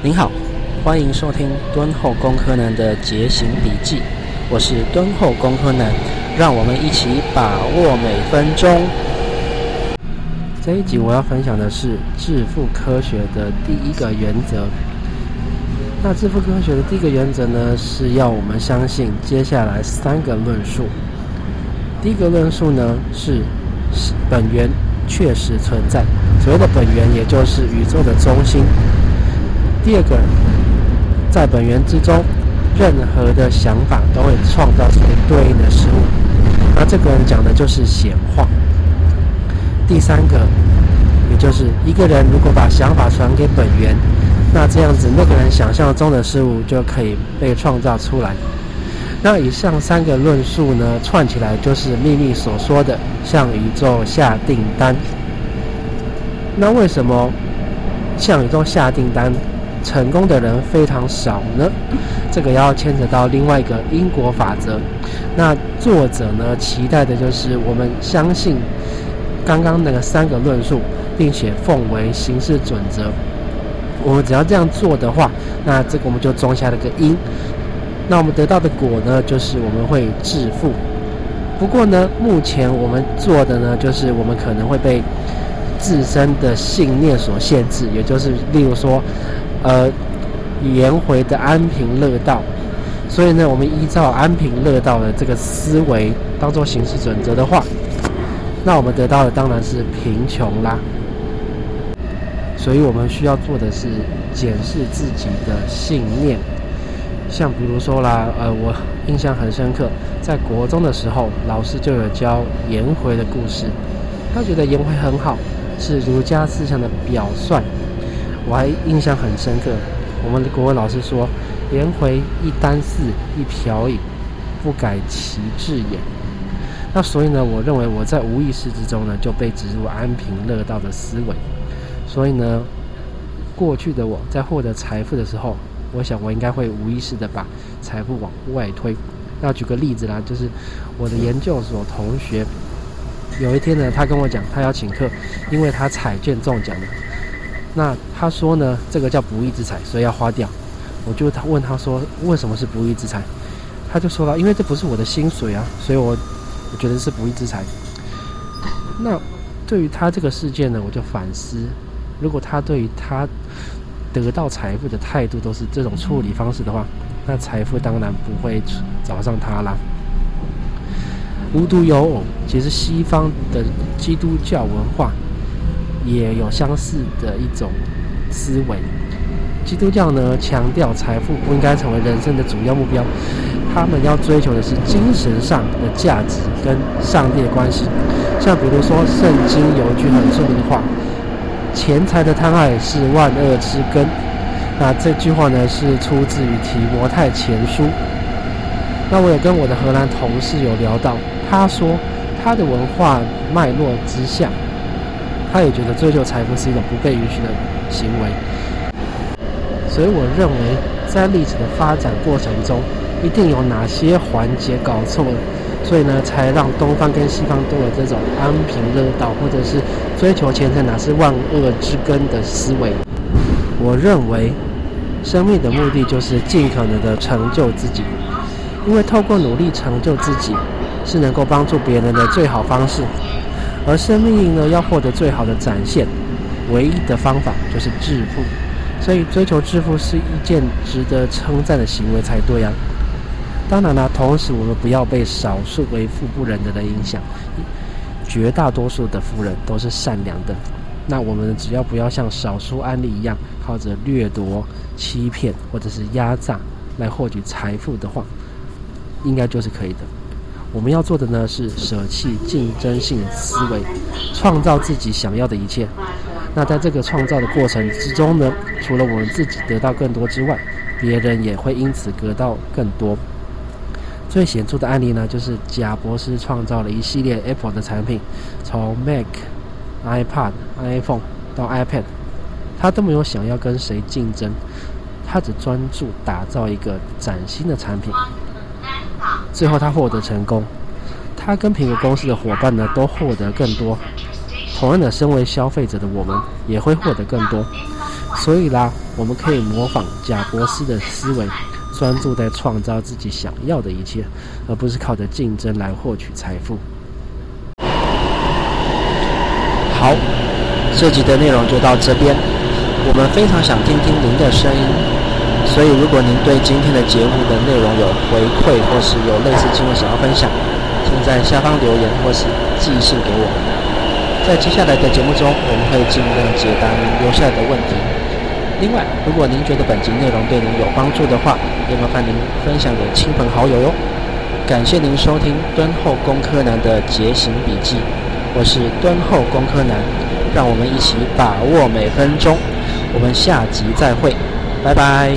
您好，歡迎收聽敦厚工科男的覺醒筆記，我是敦厚工科男，讓我們一起把握每分鐘。這一集我要分享的是致富科學的第一個原則。那致富科學的第一個原則呢，是要我們相信接下來三個論述。第一個論述呢是，本源確實存在，所謂的本源也就是宇宙的中心。第二個，在本源之中，任何的想法都會創造出對應的事物。那這個人講的就是顯化。第三個，也就是一個人如果把想法傳給本源，那這樣子那個人想象中的事物就可以被創造出來。那以上三個論述呢，串起來就是秘密所說的“向宇宙下訂單”。那為什麼向宇宙下訂單？成功的人非常少呢，這個要牽扯到另外一個因果法則。那作者呢，期待的就是我們相信剛剛那個三個論述，並且奉為行事準則。我們只要這樣做的話，那這個我們就種下了一個因。那我們得到的果呢，就是我們會致富。不過呢，目前我們做的呢，就是我們可能會被自身的信念所限制，也就是例如說。呃，顏回的安貧樂道，所以呢，我們依照安貧樂道的這個思維當做行事準則的話，那我們得到的當然是貧窮啦。所以我們需要做的是檢視自己的信念，像比如說啦，呃，我印象很深刻，在國中的時候，老師就有教顏回的故事，他覺得顏回很好，是儒家思想的表率。我還印象很深刻，我們的國文老師說：“顏回一簞食，一瓢飲，不改其志也。”那所以呢，我認為我在無意識之中呢，就被植入安貧樂道的思維。所以呢，過去的我在獲得財富的時候，我想我應該會無意識地把財富往外推。那舉個例子啦，就是我的研究所同學，有一天呢，他跟我講他要請客，因為他彩券中獎了。那他說呢，這個叫不義之財，所以要花掉。我就他問他說，為什麼是不義之財？他就說了，因為這不是我的薪水啊，所以我我覺得是不義之財。那對於他這個事件呢，我就反思，如果他對於他得到財富的態度都是這種處理方式的話，那財富當然不會找上他啦。無獨有偶，其實西方的基督教文化。也有相似的一種思維。基督教呢，強調財富不應該成為人生的主要目標，他們要追求的是精神上的價值跟上帝的關係。像比如說，聖經有一句很著名的話：“錢財的貪愛是萬惡之根。”那這句話呢，是出自於提摩太前書。那我也跟我的荷蘭同事有聊到，他說他的文化脈絡之下。他也覺得追求財富是一種不被允許的行為，所以我認為在歷史的發展過程中，一定有哪些環節搞錯了，所以呢，才讓東方跟西方都有這種安貧樂道，或者是追求前程乃是萬惡之根的思維。我認為，生命的目的就是盡可能地成就自己，因為透過努力成就自己，是能夠幫助別人的最好方式。而生命呢，要獲得最好的展現，唯一的方法就是致富。所以，追求致富是一件值得稱讚的行為，才對啊！當然了，啊，同時我們不要被少數為富不仁的人影響，絕大多數的富人都是善良的。那我們只要不要像少數案例一樣，靠着掠奪、欺騙或者是壓榨來獲取財富的話，應該就是可以的。我們要做的呢，是捨棄競爭性思維，創造自己想要的一切。那在這個創造的過程之中呢，除了我們自己得到更多之外，別人也會因此得到更多。最顯著的案例呢，就是賈伯斯創造了一系列 Apple 的產品，從 Mac、iPod、iPhone 到 iPad，他都沒有想要跟誰競爭，他只專注打造一個嶄新的產品。最後，他獲得成功。他跟蘋果公司的夥伴呢，都獲得更多。同樣的，身為消費者的我們也會獲得更多。所以啦，我們可以模仿賈伯斯的思維，專注在創造自己想要的一切，而不是靠着競爭來獲取財富。好，這集的內容就到這邊。我們非常想聽聽您的聲音。所以，如果您對今天的節目的內容有回饋，或是有類似經歷想要分享，請在下方留言或是寄信給我。在接下來的節目中，我們會盡量解答您留下來的問題。另外，如果您覺得本集內容對您有幫助的話，也麻煩您分享給親朋好友喲。感謝您收聽敦厚工科男的節行筆記，我是敦厚工科男，讓我們一起把握每分鐘。我們下集再會，拜拜。